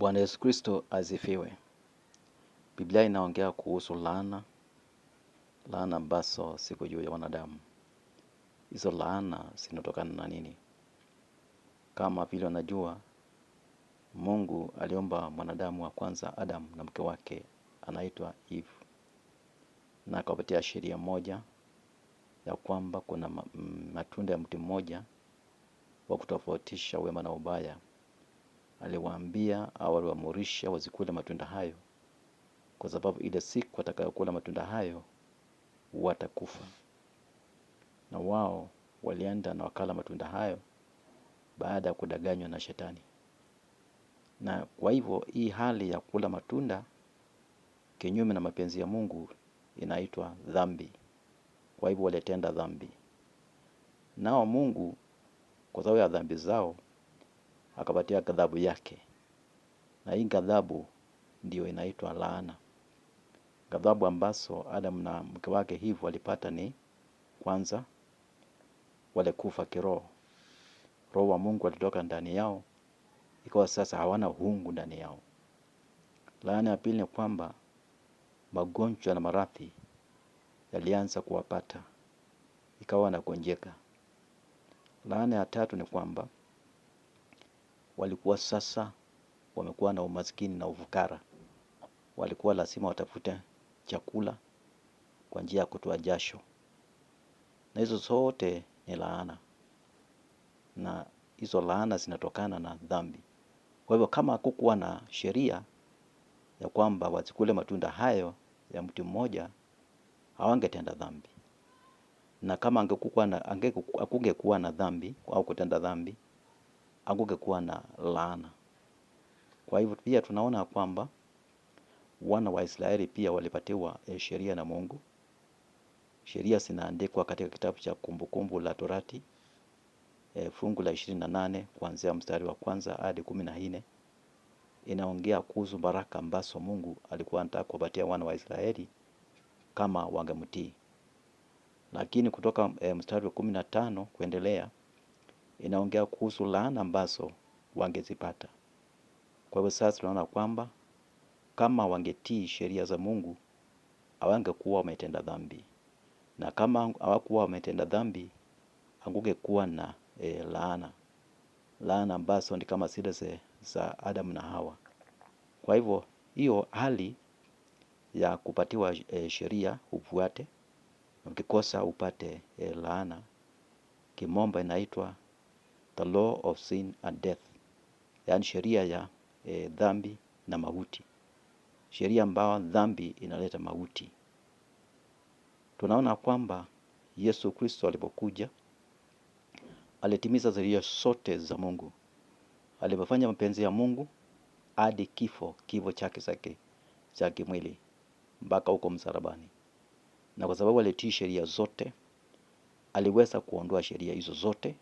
Bwana Yesu Kristo azifiwe Biblia inaongea kuhusu laana, laana ambazo siku juu ya wanadamu. Hizo laana zinatokana na nini? Kama vile wanajua, Mungu aliomba mwanadamu wa kwanza Adamu na mke wake anaitwa Eve, na akapatia sheria moja ya kwamba kuna mm, matunda ya mti mmoja wa kutofautisha wema na ubaya aliwaambia au aliwaamurisha wazikule matunda hayo, kwa sababu ile siku watakayokula matunda hayo watakufa. Na wao walienda na wakala matunda hayo baada ya kudanganywa na Shetani. Na kwa hivyo hii hali ya kula matunda kinyume na mapenzi ya Mungu inaitwa dhambi. Kwa hivyo walitenda dhambi, nao Mungu kwa sababu ya dhambi zao akapatia ghadhabu yake, na hii ghadhabu ndio inaitwa laana. Ghadhabu ambazo Adam na mke wake hivyo walipata ni kwanza, wale kufa kiroho. Roho wa Mungu alitoka ndani yao, ikawa sasa hawana uungu ndani yao. Laana ya pili ni kwamba magonjwa na maradhi yalianza kuwapata, ikawa wanagonjeka. Laana ya tatu ni kwamba walikuwa sasa wamekuwa na umaskini na ufukara. Walikuwa lazima watafute chakula kwa njia ya kutoa jasho, na hizo zote ni laana, na hizo laana zinatokana na dhambi. Kwa hivyo kama hakukuwa na sheria ya kwamba wasikule matunda hayo ya mti mmoja, hawangetenda dhambi, na kama hakungekuwa na dhambi au kutenda dhambi hakungekuwa na laana. Kwa hivyo pia tunaona kwamba wana wa Israeli pia walipatiwa eh, sheria na Mungu. Sheria zinaandikwa katika kitabu cha Kumbukumbu la Torati e, fungu la ishirini na nane kuanzia mstari wa kwanza hadi kumi na nne inaongea kuhusu baraka ambazo Mungu alikuwa anataka kuwapatia wana wa Israeli kama wangemtii, lakini kutoka e, mstari wa kumi na tano kuendelea inaongea kuhusu laana ambazo wangezipata. Kwa hivyo sasa tunaona kwamba kama wangetii sheria za Mungu hawangekuwa wametenda dhambi, na kama hawakuwa wametenda dhambi hakungekuwa na e, laana laana ambazo ni kama zile za Adamu na Hawa. Kwa hivyo hiyo hali ya kupatiwa e, sheria ufuate, ukikosa upate e, laana, kimombo inaitwa the law of sin and death, yaani sheria ya e, dhambi na mauti, sheria ambayo dhambi inaleta mauti. Tunaona kwamba Yesu Kristo alipokuja alitimiza sheria zote za Mungu, alipofanya mapenzi ya Mungu hadi kifo, kifo chake cha kimwili mpaka huko msalabani, na kwa sababu alitii sheria zote aliweza kuondoa sheria hizo zote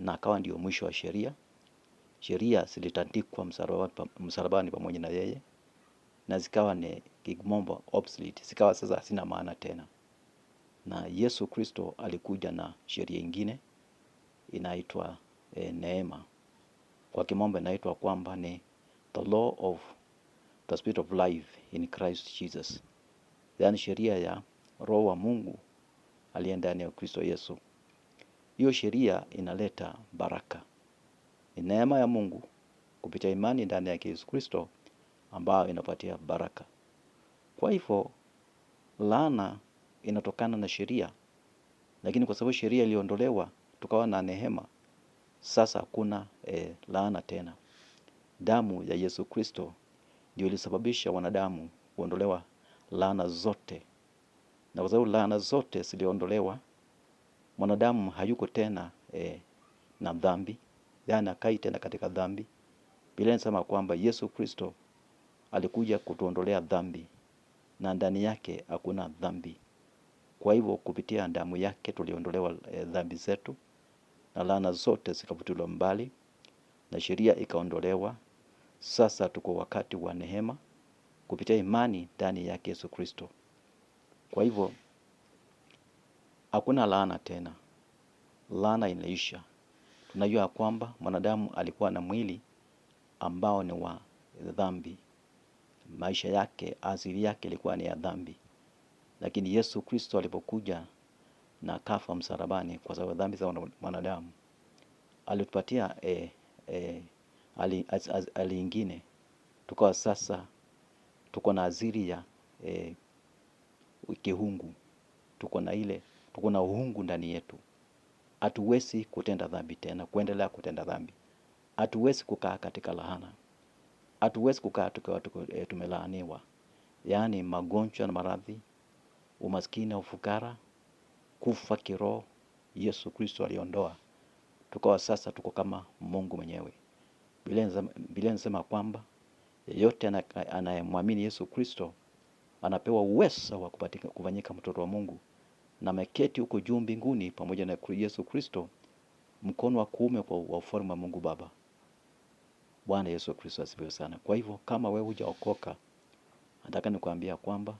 na akawa ndio mwisho wa sheria. Sheria zilitandikwa msalabani pamoja na yeye na zikawa ni kigmombo obsolete, zikawa sasa hazina maana tena. Na Yesu Kristo alikuja na sheria ingine inaitwa e, neema. Kwa kimombo inaitwa kwamba ni the law of the spirit of life in Christ Jesus, yaani sheria ya roho wa Mungu aliye ndani ya Kristo Yesu hiyo sheria inaleta baraka. Ni neema ya Mungu kupitia imani ndani ya Yesu Kristo ambayo inapatia baraka. Kwa hivyo laana inatokana na sheria, lakini kwa sababu sheria iliondolewa, tukawa na neema. Sasa hakuna e, laana tena. Damu ya Yesu Kristo ndio ilisababisha wanadamu kuondolewa laana zote, na kwa sababu laana zote ziliondolewa mwanadamu hayuko tena e, na dhambi, yani akai tena katika dhambi. Biblia inasema kwamba Yesu Kristo alikuja kutuondolea dhambi na ndani yake hakuna dhambi. Kwa hivyo kupitia damu yake tuliondolewa e, dhambi zetu na laana zote zikavutiliwa mbali na sheria ikaondolewa. Sasa tuko wakati wa neema kupitia imani ndani yake Yesu Kristo. Kwa hivyo hakuna laana tena, laana inaisha. Tunajua ya kwamba mwanadamu alikuwa na mwili ambao ni wa dhambi, maisha yake, asili yake ilikuwa ni ya dhambi, lakini Yesu Kristo alipokuja na kafa msalabani kwa sababu dhambi za mwanadamu, alitupatia e, e, hali ali ingine, tukawa sasa tuko na azili ya e, kihungu, tuko na ile tuko na ndani yetu. Hatuwezi kutenda dhambi tena, kuendelea kutenda dhambi. Hatuwezi kukaa katika lahana, hatuwezi kukaa tukiwa eh, tumelaaniwa, yaani magonjwa na maradhi, umaskini na ufukara, kufa kiroho. Yesu Kristo aliondoa, tukawa sasa tuko kama Mungu mwenyewe. Biblia inasema kwamba yeyote anayemwamini Yesu Kristo anapewa uwezo wa kufanyika mtoto wa Mungu na ameketi huko juu mbinguni pamoja na Yesu Kristo mkono wa kuume wa ufalme wa Mungu Baba. Bwana Yesu Kristo asifiwe sana. Kwa hivyo kama wewe hujaokoka, nataka nikuambia kwamba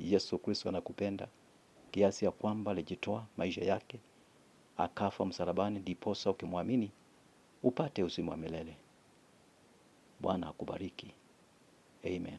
Yesu Kristo anakupenda kiasi ya kwamba alijitoa maisha yake akafa msalabani, ndiposa ukimwamini upate uzima wa milele. Bwana akubariki. Amen.